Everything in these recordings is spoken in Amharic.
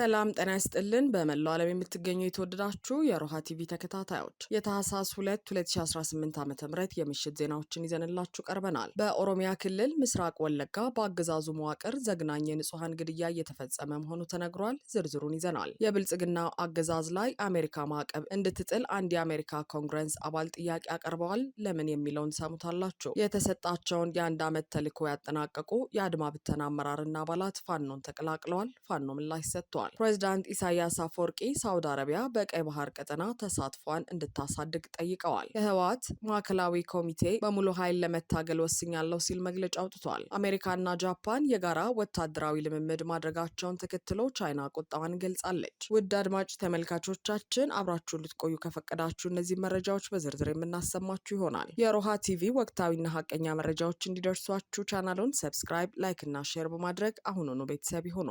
ሰላም ጤና ይስጥልን። በመላው ዓለም የምትገኙ የተወደዳችሁ የሮሃ ቲቪ ተከታታዮች የታህሳስ 2 2018 ዓ ም የምሽት ዜናዎችን ይዘንላችሁ ቀርበናል። በኦሮሚያ ክልል ምስራቅ ወለጋ በአገዛዙ መዋቅር ዘግናኝ የንጹሐን ግድያ እየተፈጸመ መሆኑ ተነግሯል። ዝርዝሩን ይዘናል። የብልጽግና አገዛዝ ላይ አሜሪካ ማዕቀብ እንድትጥል አንድ የአሜሪካ ኮንግረስ አባል ጥያቄ አቅርበዋል። ለምን የሚለውን ሰሙታላችሁ። የተሰጣቸውን የአንድ ዓመት ተልዕኮ ያጠናቀቁ የአድማ ብተና አመራርና አባላት ፋኖን ተቀላቅለዋል። ፋኖ ምላሽ ሰጥቷል። ተናግረዋል። ፕሬዚዳንት ኢሳያስ አፈወርቂ ሳውዲ አረቢያ በቀይ ባህር ቀጠና ተሳትፏን እንድታሳድግ ጠይቀዋል። የህወሓት ማዕከላዊ ኮሚቴ በሙሉ ኃይል ለመታገል ወስኛለሁ ሲል መግለጫ አውጥቷል። አሜሪካና ጃፓን የጋራ ወታደራዊ ልምምድ ማድረጋቸውን ተከትሎ ቻይና ቁጣዋን ገልጻለች። ውድ አድማጭ ተመልካቾቻችን አብራችሁን ልትቆዩ ከፈቀዳችሁ እነዚህ መረጃዎች በዝርዝር የምናሰማችሁ ይሆናል። የሮሃ ቲቪ ወቅታዊና ሀቀኛ መረጃዎች እንዲደርሷችሁ ቻናሉን ሰብስክራይብ፣ ላይክ እና ሼር በማድረግ አሁኑኑ ቤተሰብ ይሁኑ።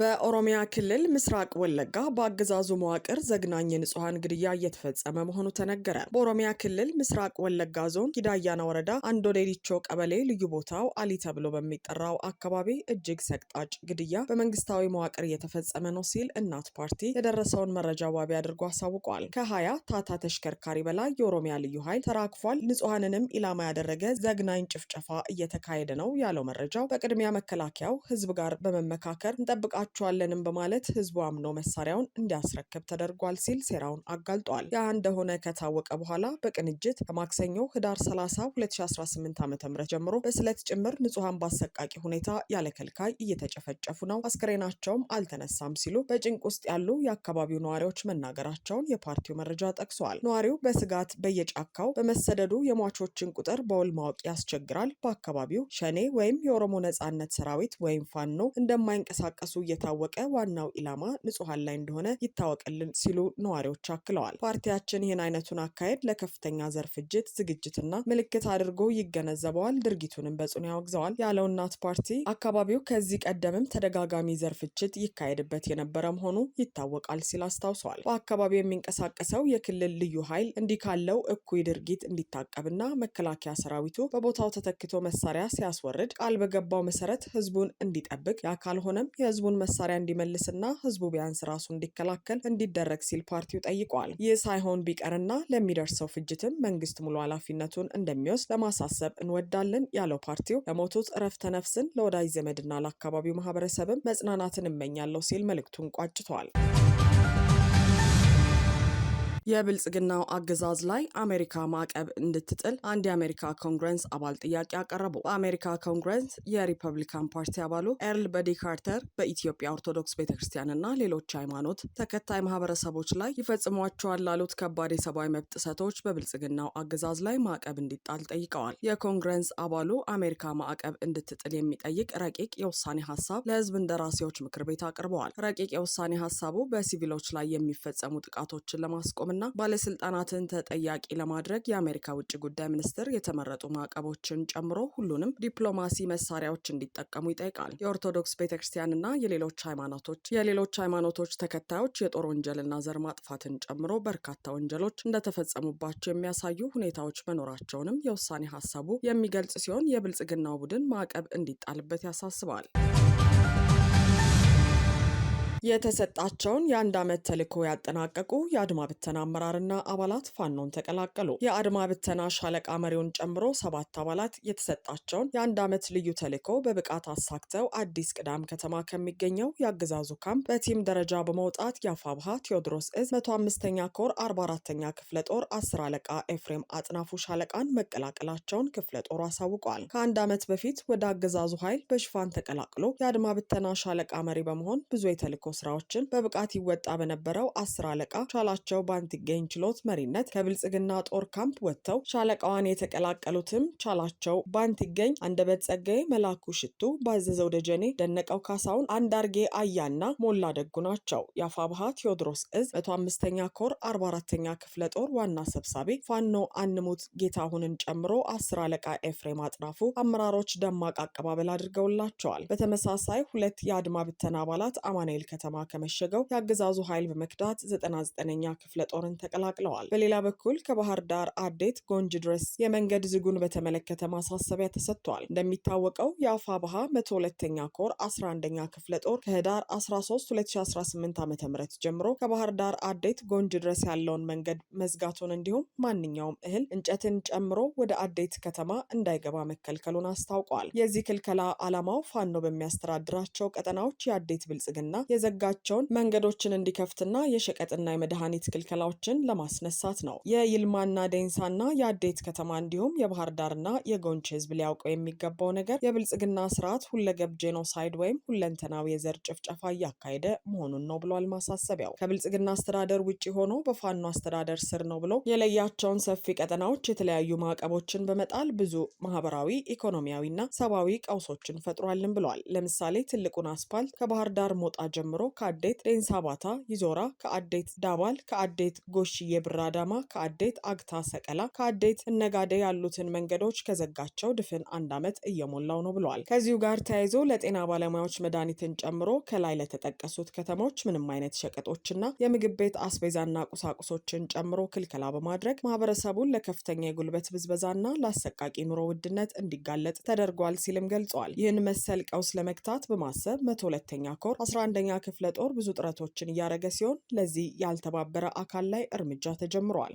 በኦሮሚያ ክልል ምስራቅ ወለጋ በአገዛዙ መዋቅር ዘግናኝ የንጹሐን ግድያ እየተፈጸመ መሆኑ ተነገረ። በኦሮሚያ ክልል ምስራቅ ወለጋ ዞን ጊዳያና ወረዳ አንዶ ሌሊቾ ቀበሌ ልዩ ቦታው አሊ ተብሎ በሚጠራው አካባቢ እጅግ ሰቅጣጭ ግድያ በመንግስታዊ መዋቅር እየተፈጸመ ነው ሲል እናት ፓርቲ የደረሰውን መረጃ ዋቢ አድርጎ አሳውቋል። ከሀያ ታታ ተሽከርካሪ በላይ የኦሮሚያ ልዩ ኃይል ተራክፏል፣ ንጹሐንንም ኢላማ ያደረገ ዘግናኝ ጭፍጨፋ እየተካሄደ ነው ያለው መረጃው በቅድሚያ መከላከያው ህዝብ ጋር በመመካከር እንጠብቃ እንሰጣቸዋለንም በማለት ህዝቡ አምኖ መሳሪያውን እንዲያስረክብ ተደርጓል ሲል ሴራውን አጋልጧል። ያ እንደሆነ ከታወቀ በኋላ በቅንጅት ከማክሰኞ ህዳር 30 2018 ዓ ም ጀምሮ በስለት ጭምር ንጹሐን በአሰቃቂ ሁኔታ ያለ ከልካይ እየተጨፈጨፉ ነው፣ አስክሬናቸውም አልተነሳም ሲሉ በጭንቅ ውስጥ ያሉ የአካባቢው ነዋሪዎች መናገራቸውን የፓርቲው መረጃ ጠቅሷል። ነዋሪው በስጋት በየጫካው በመሰደዱ የሟቾችን ቁጥር በውል ማወቅ ያስቸግራል። በአካባቢው ሸኔ ወይም የኦሮሞ ነጻነት ሰራዊት ወይም ፋኖ እንደማይንቀሳቀሱ እየታወቀ ዋናው ኢላማ ንጹሐን ላይ እንደሆነ ይታወቅልን ሲሉ ነዋሪዎች አክለዋል። ፓርቲያችን ይህን አይነቱን አካሄድ ለከፍተኛ ዘር ፍጅት ዝግጅትና ምልክት አድርጎ ይገነዘበዋል፣ ድርጊቱንም በጽኑ ያወግዘዋል ያለው እናት ፓርቲ አካባቢው ከዚህ ቀደምም ተደጋጋሚ ዘር ፍጅት ይካሄድበት የነበረ መሆኑ ይታወቃል ሲል አስታውሰዋል። በአካባቢው የሚንቀሳቀሰው የክልል ልዩ ኃይል እንዲህ ካለው እኩይ ድርጊት እንዲታቀብና መከላከያ ሰራዊቱ በቦታው ተተክቶ መሳሪያ ሲያስወርድ ቃል በገባው መሰረት ህዝቡን እንዲጠብቅ ያ ካልሆነም የህዝቡን መሳሪያ እንዲመልስና ህዝቡ ቢያንስ ራሱ እንዲከላከል እንዲደረግ ሲል ፓርቲው ጠይቋል። ይህ ሳይሆን ቢቀርና ለሚደርሰው ፍጅትም መንግስት ሙሉ ኃላፊነቱን እንደሚወስድ ለማሳሰብ እንወዳለን ያለው ፓርቲው ለሞቱት እረፍተ ነፍስን ለወዳጅ ዘመድና ለአካባቢው ማህበረሰብም መጽናናትን እመኛለሁ ሲል መልእክቱን ቋጭቷል። የብልጽግናው አገዛዝ ላይ አሜሪካ ማዕቀብ እንድትጥል አንድ የአሜሪካ ኮንግረስ አባል ጥያቄ አቀረቡ። በአሜሪካ ኮንግረስ የሪፐብሊካን ፓርቲ አባሉ ኤርል በዲ ካርተር በኢትዮጵያ ኦርቶዶክስ ቤተክርስቲያንና ሌሎች ሃይማኖት ተከታይ ማህበረሰቦች ላይ ይፈጽሟቸዋል ላሉት ከባድ የሰብአዊ መብት ጥሰቶች በብልጽግናው አገዛዝ ላይ ማዕቀብ እንዲጣል ጠይቀዋል። የኮንግረስ አባሉ አሜሪካ ማዕቀብ እንድትጥል የሚጠይቅ ረቂቅ የውሳኔ ሀሳብ ለህዝብ እንደራሴዎች ምክር ቤት አቅርበዋል። ረቂቅ የውሳኔ ሀሳቡ በሲቪሎች ላይ የሚፈጸሙ ጥቃቶችን ለማስቆም እና ባለስልጣናትን ተጠያቂ ለማድረግ የአሜሪካ ውጭ ጉዳይ ሚኒስትር የተመረጡ ማዕቀቦችን ጨምሮ ሁሉንም ዲፕሎማሲ መሳሪያዎች እንዲጠቀሙ ይጠይቃል። የኦርቶዶክስ ቤተክርስቲያንና የሌሎች ሃይማኖቶች የሌሎች ሃይማኖቶች ተከታዮች የጦር ወንጀልና ዘር ማጥፋትን ጨምሮ በርካታ ወንጀሎች እንደተፈጸሙባቸው የሚያሳዩ ሁኔታዎች መኖራቸውንም የውሳኔ ሀሳቡ የሚገልጽ ሲሆን የብልጽግናው ቡድን ማዕቀብ እንዲጣልበት ያሳስባል። የተሰጣቸውን የአንድ ዓመት ተልዕኮ ያጠናቀቁ የአድማ ብተና አመራርና አባላት ፋኖን ተቀላቀሉ። የአድማ ብተና ሻለቃ መሪውን ጨምሮ ሰባት አባላት የተሰጣቸውን የአንድ ዓመት ልዩ ተልዕኮ በብቃት አሳክተው አዲስ ቅዳም ከተማ ከሚገኘው የአገዛዙ ካምፕ በቲም ደረጃ በመውጣት የአፋብሃ ቴዎድሮስ እዝ መቶ አምስተኛ ኮር አርባ አራተኛ ክፍለ ጦር አስር አለቃ ኤፍሬም አጥናፉ ሻለቃን መቀላቀላቸውን ክፍለ ጦሩ አሳውቋል። ከአንድ ዓመት በፊት ወደ አገዛዙ ኃይል በሽፋን ተቀላቅሎ የአድማ ብተና ሻለቃ መሪ በመሆን ብዙ የተልዕኮ ስራዎችን በብቃት ይወጣ በነበረው አስር አለቃ ሻላቸው ባንቲገኝ ችሎት መሪነት ከብልጽግና ጦር ካምፕ ወጥተው ሻለቃዋን የተቀላቀሉትም ቻላቸው ባንቲገኝ፣ አንደበት ጸጋዬ፣ መላኩ ሽቱ፣ ባዘዘው ደጀኔ፣ ደነቀው ካሳውን፣ አንዳርጌ አያና ሞላ ደጉ ናቸው። የአፋብሃ ቴዎድሮስ እዝ መቶ አምስተኛ ኮር አርባ አራተኛ ክፍለ ጦር ዋና ሰብሳቢ ፋኖ አንሙት ጌታሁንን ጨምሮ አስር አለቃ ኤፍሬም አጥናፉ አመራሮች ደማቅ አቀባበል አድርገውላቸዋል። በተመሳሳይ ሁለት የአድማ ብተና አባላት አማኑኤል ከተማ ከተማ ከመሸገው የአገዛዙ ኃይል በመክዳት 99ኛ ክፍለ ጦርን ተቀላቅለዋል። በሌላ በኩል ከባህር ዳር አዴት ጎንጅ ድረስ የመንገድ ዝጉን በተመለከተ ማሳሰቢያ ተሰጥቷል። እንደሚታወቀው የአፋ ባሃ 12 ኛ ኮር 11ኛ ክፍለ ጦር ከህዳር 13 2018 ዓ ም ጀምሮ ከባህር ዳር አዴት ጎንጅ ድረስ ያለውን መንገድ መዝጋቱን እንዲሁም ማንኛውም እህል እንጨትን ጨምሮ ወደ አዴት ከተማ እንዳይገባ መከልከሉን አስታውቋል። የዚህ ክልከላ ዓላማው ፋኖ በሚያስተዳድራቸው ቀጠናዎች የአዴት ብልጽግና የዘ የሚዘጋቸውን መንገዶችን እንዲከፍትና የሸቀጥና የመድኃኒት ክልከላዎችን ለማስነሳት ነው። የይልማና ደንሳና የአዴት ከተማ እንዲሁም የባህር ዳርና የጎንች ህዝብ ሊያውቀው የሚገባው ነገር የብልጽግና ስርዓት ሁለገብ ጄኖሳይድ ወይም ሁለንተናዊ የዘር ጭፍጨፋ እያካሄደ መሆኑን ነው ብሏል ማሳሰቢያው። ከብልጽግና አስተዳደር ውጭ ሆኖ በፋኖ አስተዳደር ስር ነው ብሎ የለያቸውን ሰፊ ቀጠናዎች የተለያዩ ማዕቀቦችን በመጣል ብዙ ማህበራዊ፣ ኢኮኖሚያዊና ሰብአዊ ቀውሶችን ፈጥሯልን ብሏል። ለምሳሌ ትልቁን አስፓልት ከባህር ዳር ሞጣ ጀምሮ ጀምሮ ከአዴት ዴንሳ ባታ ይዞራ፣ ከአዴት ዳባል፣ ከአዴት ጎሽዬ ብራ አዳማ፣ ከአዴት አግታ ሰቀላ፣ ከአዴት እነጋዴ ያሉትን መንገዶች ከዘጋቸው ድፍን አንድ ዓመት እየሞላው ነው ብለዋል። ከዚሁ ጋር ተያይዞ ለጤና ባለሙያዎች መድኃኒትን ጨምሮ ከላይ ለተጠቀሱት ከተሞች ምንም አይነት ሸቀጦችና የምግብ ቤት አስቤዛና ቁሳቁሶችን ጨምሮ ክልከላ በማድረግ ማህበረሰቡን ለከፍተኛ የጉልበት ብዝበዛና ለአሰቃቂ ኑሮ ውድነት እንዲጋለጥ ተደርጓል ሲልም ገልጿል። ይህን መሰል ቀውስ ለመግታት በማሰብ መቶ ሁለተኛ ኮር 11ኛ ክፍለ ጦር ብዙ ጥረቶችን እያደረገ ሲሆን ለዚህ ያልተባበረ አካል ላይ እርምጃ ተጀምሯል።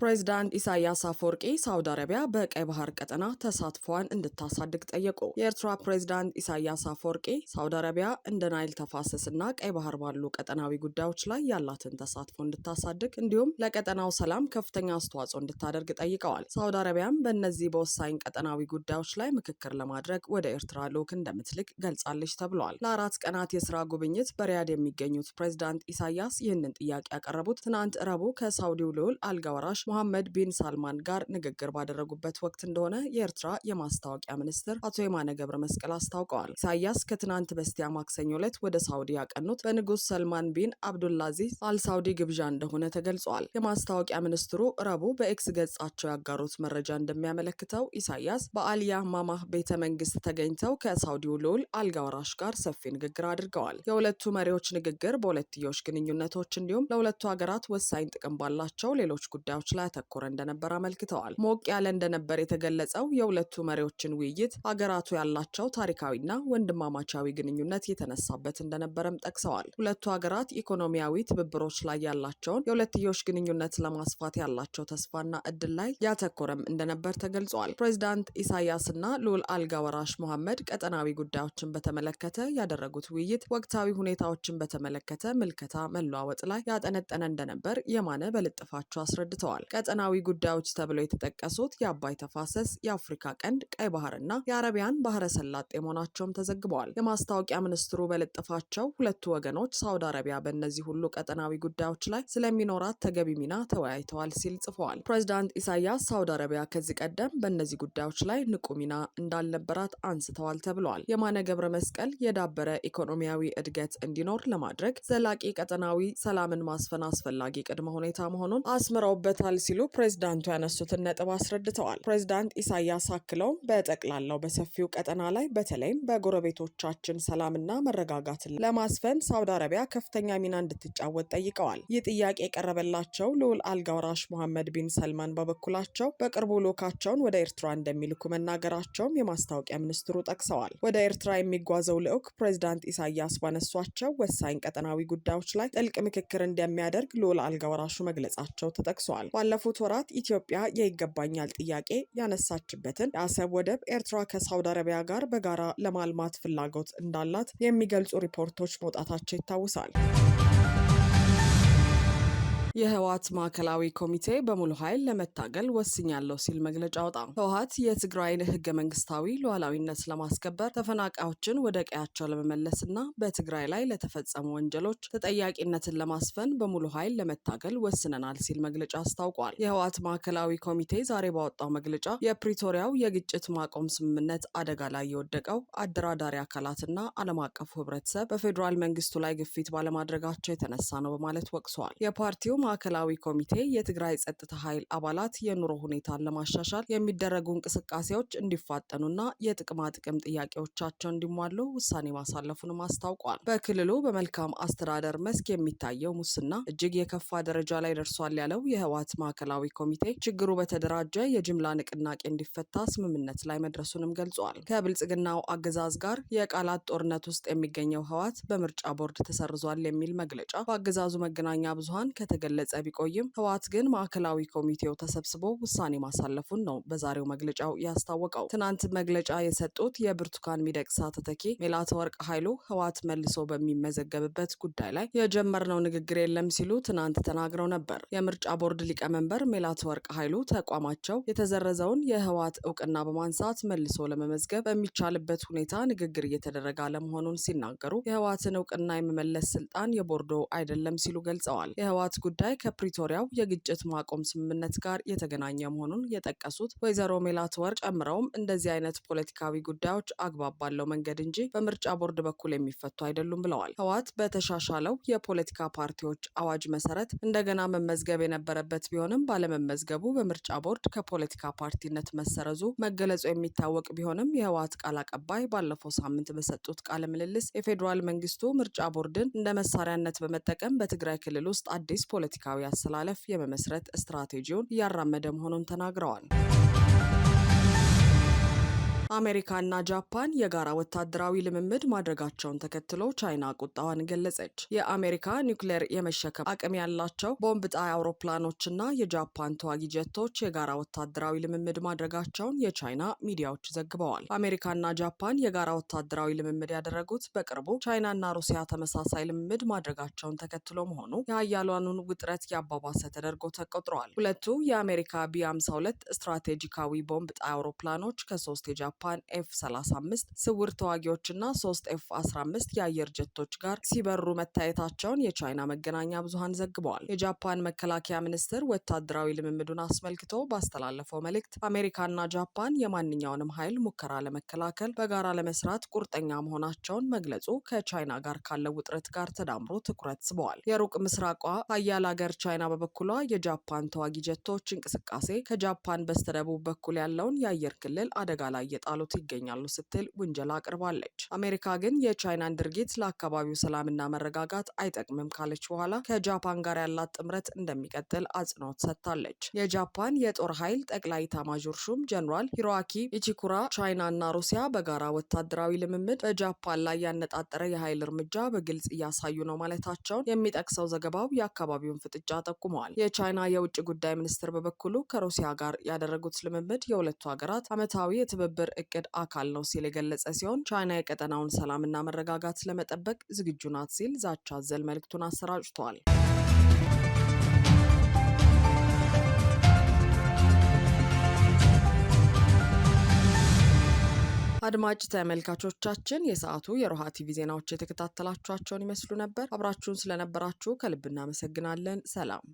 ፕሬዚዳንት ኢሳያስ አፈወርቂ ሳውዲ አረቢያ በቀይ ባህር ቀጠና ተሳትፏን እንድታሳድግ ጠየቁ። የኤርትራ ፕሬዚዳንት ኢሳያስ አፈወርቂ ሳውዲ አረቢያ እንደ ናይል ተፋሰስና ቀይ ባህር ባሉ ቀጠናዊ ጉዳዮች ላይ ያላትን ተሳትፎ እንድታሳድግ እንዲሁም ለቀጠናው ሰላም ከፍተኛ አስተዋጽኦ እንድታደርግ ጠይቀዋል። ሳውዲ አረቢያም በእነዚህ በወሳኝ ቀጠናዊ ጉዳዮች ላይ ምክክር ለማድረግ ወደ ኤርትራ ልዑክ እንደምትልክ ገልጻለች ተብሏል። ለአራት ቀናት የስራ ጉብኝት በሪያድ የሚገኙት ፕሬዚዳንት ኢሳያስ ይህንን ጥያቄ ያቀረቡት ትናንት ረቡዕ ከሳውዲው ልዑል አልጋወራሽ መሐመድ ቢን ሳልማን ጋር ንግግር ባደረጉበት ወቅት እንደሆነ የኤርትራ የማስታወቂያ ሚኒስትር አቶ የማነ ገብረ መስቀል አስታውቀዋል። ኢሳያስ ከትናንት በስቲያ ማክሰኞ ዕለት ወደ ሳውዲ ያቀኑት በንጉስ ሰልማን ቢን አብዱልአዚዝ አልሳውዲ ግብዣ እንደሆነ ተገልጿል። የማስታወቂያ ሚኒስትሩ ረቡዕ በኤክስ ገጻቸው ያጋሩት መረጃ እንደሚያመለክተው ኢሳያስ በአልያማማህ ቤተ መንግስት ተገኝተው ከሳውዲው ልዑል አልጋወራሽ ጋር ሰፊ ንግግር አድርገዋል። የሁለቱ መሪዎች ንግግር በሁለትዮሽ ግንኙነቶች እንዲሁም ለሁለቱ ሀገራት ወሳኝ ጥቅም ባላቸው ሌሎች ጉዳዮች ላይ ያተኮረ እንደነበር አመልክተዋል። ሞቅ ያለ እንደነበር የተገለጸው የሁለቱ መሪዎችን ውይይት አገራቱ ያላቸው ታሪካዊና ወንድማማቻዊ ግንኙነት የተነሳበት እንደነበረም ጠቅሰዋል። ሁለቱ ሀገራት ኢኮኖሚያዊ ትብብሮች ላይ ያላቸውን የሁለትዮሽ ግንኙነት ለማስፋት ያላቸው ተስፋና እድል ላይ ያተኮረም እንደነበር ተገልጿል። ፕሬዚዳንት ኢሳያስና ልዑል አልጋ ወራሽ መሐመድ ቀጠናዊ ጉዳዮችን በተመለከተ ያደረጉት ውይይት ወቅታዊ ሁኔታዎችን በተመለከተ ምልከታ መለዋወጥ ላይ ያጠነጠነ እንደነበር የማነ በልጥፋቸው አስረድተዋል። ቀጠናዊ ጉዳዮች ተብለው የተጠቀሱት የአባይ ተፋሰስ፣ የአፍሪካ ቀንድ፣ ቀይ ባህርና የአረቢያን ባህረ ሰላጤ መሆናቸውም ተዘግበዋል። የማስታወቂያ ሚኒስትሩ በለጠፋቸው ሁለቱ ወገኖች ሳውዲ አረቢያ በእነዚህ ሁሉ ቀጠናዊ ጉዳዮች ላይ ስለሚኖራት ተገቢ ሚና ተወያይተዋል ሲል ጽፈዋል። ፕሬዚዳንት ኢሳያስ ሳውዲ አረቢያ ከዚህ ቀደም በእነዚህ ጉዳዮች ላይ ንቁ ሚና እንዳልነበራት አንስተዋል ተብለዋል። የማነ ገብረ መስቀል የዳበረ ኢኮኖሚያዊ እድገት እንዲኖር ለማድረግ ዘላቂ ቀጠናዊ ሰላምን ማስፈን አስፈላጊ ቅድመ ሁኔታ መሆኑን አስምረውበታል ይገባል ሲሉ ፕሬዚዳንቱ ያነሱትን ነጥብ አስረድተዋል። ፕሬዚዳንት ኢሳያስ አክለው በጠቅላላው በሰፊው ቀጠና ላይ በተለይም በጎረቤቶቻችን ሰላምና መረጋጋትን ለማስፈን ሳውዲ አረቢያ ከፍተኛ ሚና እንድትጫወት ጠይቀዋል። ይህ ጥያቄ የቀረበላቸው ልዑል አልጋውራሽ መሐመድ ቢን ሰልማን በበኩላቸው በቅርቡ ልዑካቸውን ወደ ኤርትራ እንደሚልኩ መናገራቸውም የማስታወቂያ ሚኒስትሩ ጠቅሰዋል። ወደ ኤርትራ የሚጓዘው ልዑክ ፕሬዚዳንት ኢሳያስ ባነሷቸው ወሳኝ ቀጠናዊ ጉዳዮች ላይ ጥልቅ ምክክር እንደሚያደርግ ልዑል አልጋውራሹ መግለጻቸው ተጠቅሷል። ባለፉት ወራት ኢትዮጵያ የይገባኛል ጥያቄ ያነሳችበትን የአሰብ ወደብ ኤርትራ ከሳውዲ አረቢያ ጋር በጋራ ለማልማት ፍላጎት እንዳላት የሚገልጹ ሪፖርቶች መውጣታቸው ይታወሳል። የህወሀት ማዕከላዊ ኮሚቴ በሙሉ ኃይል ለመታገል ወስኛለሁ ሲል መግለጫ አወጣ። ህወሀት የትግራይን ህገ መንግስታዊ ሉዓላዊነት ለማስከበር ተፈናቃዮችን ወደ ቀያቸው ለመመለስና በትግራይ ላይ ለተፈጸሙ ወንጀሎች ተጠያቂነትን ለማስፈን በሙሉ ኃይል ለመታገል ወስነናል ሲል መግለጫ አስታውቋል። የህወሀት ማዕከላዊ ኮሚቴ ዛሬ ባወጣው መግለጫ የፕሪቶሪያው የግጭት ማቆም ስምምነት አደጋ ላይ የወደቀው አደራዳሪ አካላትና ዓለም አቀፉ ህብረተሰብ በፌዴራል መንግስቱ ላይ ግፊት ባለማድረጋቸው የተነሳ ነው በማለት ወቅሰዋል። የፓርቲው ማዕከላዊ ኮሚቴ የትግራይ ጸጥታ ኃይል አባላት የኑሮ ሁኔታን ለማሻሻል የሚደረጉ እንቅስቃሴዎች እንዲፋጠኑና የጥቅማ ጥቅም ጥያቄዎቻቸው እንዲሟሉ ውሳኔ ማሳለፉንም አስታውቋል። በክልሉ በመልካም አስተዳደር መስክ የሚታየው ሙስና እጅግ የከፋ ደረጃ ላይ ደርሷል ያለው የህወሓት ማዕከላዊ ኮሚቴ ችግሩ በተደራጀ የጅምላ ንቅናቄ እንዲፈታ ስምምነት ላይ መድረሱንም ገልጿል። ከብልጽግናው አገዛዝ ጋር የቃላት ጦርነት ውስጥ የሚገኘው ህወሓት በምርጫ ቦርድ ተሰርዟል የሚል መግለጫ በአገዛዙ መገናኛ ብዙሃን ከተገ እየገለጸ ቢቆይም ህወሓት ግን ማዕከላዊ ኮሚቴው ተሰብስቦ ውሳኔ ማሳለፉን ነው በዛሬው መግለጫው ያስታወቀው። ትናንት መግለጫ የሰጡት የብርቱካን ሚደቅሳ ተተኪ መላትወርቅ ኃይሉ ህወሓት መልሶ በሚመዘገብበት ጉዳይ ላይ የጀመርነው ንግግር የለም ሲሉ ትናንት ተናግረው ነበር። የምርጫ ቦርድ ሊቀመንበር መላትወርቅ ኃይሉ ተቋማቸው የተዘረዘውን የህወሓት እውቅና በማንሳት መልሶ ለመመዝገብ በሚቻልበት ሁኔታ ንግግር እየተደረገ አለመሆኑን ሲናገሩ የህወሓትን እውቅና የመመለስ ስልጣን የቦርዶ አይደለም ሲሉ ገልጸዋል። የህወሓት ጉዳይ ከፕሪቶሪያው የግጭት ማቆም ስምምነት ጋር የተገናኘ መሆኑን የጠቀሱት ወይዘሮ ወር ጨምረውም እንደዚህ አይነት ፖለቲካዊ ጉዳዮች አግባብ ባለው መንገድ እንጂ በምርጫ ቦርድ በኩል የሚፈቱ አይደሉም ብለዋል። ህወሓት በተሻሻለው የፖለቲካ ፓርቲዎች አዋጅ መሰረት እንደገና መመዝገብ የነበረበት ቢሆንም ባለመመዝገቡ በምርጫ ቦርድ ከፖለቲካ ፓርቲነት መሰረዙ መገለጹ የሚታወቅ ቢሆንም የህወሓት ቃል አቀባይ ባለፈው ሳምንት በሰጡት ቃለ ምልልስ የፌዴራል መንግስቱ ምርጫ ቦርድን እንደ መሳሪያነት በመጠቀም በትግራይ ክልል ውስጥ አዲስ ፖለቲ ፖለቲካዊ አሰላለፍ የመመስረት ስትራቴጂውን እያራመደ መሆኑን ተናግረዋል። አሜሪካና ጃፓን የጋራ ወታደራዊ ልምምድ ማድረጋቸውን ተከትሎ ቻይና ቁጣዋን ገለጸች። የአሜሪካ ኒውክሌር የመሸከም አቅም ያላቸው ቦምብ ጣይ አውሮፕላኖችና የጃፓን ተዋጊ ጀቶች የጋራ ወታደራዊ ልምምድ ማድረጋቸውን የቻይና ሚዲያዎች ዘግበዋል። አሜሪካና ጃፓን የጋራ ወታደራዊ ልምምድ ያደረጉት በቅርቡ ቻይናና ሩሲያ ተመሳሳይ ልምምድ ማድረጋቸውን ተከትሎ መሆኑ የአያሏኑን ውጥረት ያባባሰ ተደርጎ ተቆጥረዋል። ሁለቱ የአሜሪካ ቢ 52 ስትራቴጂካዊ ቦምብ ጣይ አውሮፕላኖች ከሶስት የጃ ጃፓን ኤፍ 35 ስውር ተዋጊዎችና ሶስት ኤፍ 15 የአየር ጀቶች ጋር ሲበሩ መታየታቸውን የቻይና መገናኛ ብዙሃን ዘግበዋል። የጃፓን መከላከያ ሚኒስትር ወታደራዊ ልምምዱን አስመልክቶ ባስተላለፈው መልእክት አሜሪካና ጃፓን የማንኛውንም ኃይል ሙከራ ለመከላከል በጋራ ለመስራት ቁርጠኛ መሆናቸውን መግለጹ ከቻይና ጋር ካለው ውጥረት ጋር ተዳምሮ ትኩረት ስበዋል። የሩቅ ምስራቋ አያል ሀገር ቻይና በበኩሏ የጃፓን ተዋጊ ጀቶች እንቅስቃሴ ከጃፓን በስተደቡብ በኩል ያለውን የአየር ክልል አደጋ ላይ እያጣሉት ይገኛሉ ስትል ውንጀላ አቅርባለች። አሜሪካ ግን የቻይናን ድርጊት ለአካባቢው ሰላምና መረጋጋት አይጠቅምም ካለች በኋላ ከጃፓን ጋር ያላት ጥምረት እንደሚቀጥል አጽንኦት ሰጥታለች። የጃፓን የጦር ኃይል ጠቅላይ ኢታማዦር ሹም ጀኔራል ሂሮአኪ ኢቺኩራ ቻይናና ሩሲያ በጋራ ወታደራዊ ልምምድ በጃፓን ላይ ያነጣጠረ የኃይል እርምጃ በግልጽ እያሳዩ ነው ማለታቸውን የሚጠቅሰው ዘገባው የአካባቢውን ፍጥጫ ጠቁመዋል። የቻይና የውጭ ጉዳይ ሚኒስትር በበኩሉ ከሩሲያ ጋር ያደረጉት ልምምድ የሁለቱ ሀገራት ዓመታዊ የትብብር እቅድ አካል ነው ሲል የገለጸ ሲሆን ቻይና የቀጠናውን ሰላምና መረጋጋት ለመጠበቅ ዝግጁ ናት ሲል ዛቻ አዘል መልእክቱን አሰራጭቷል። አድማጭ ተመልካቾቻችን የሰዓቱ የሮሃ ቲቪ ዜናዎች የተከታተላችኋቸውን ይመስሉ ነበር። አብራችሁን ስለነበራችሁ ከልብ እናመሰግናለን። ሰላም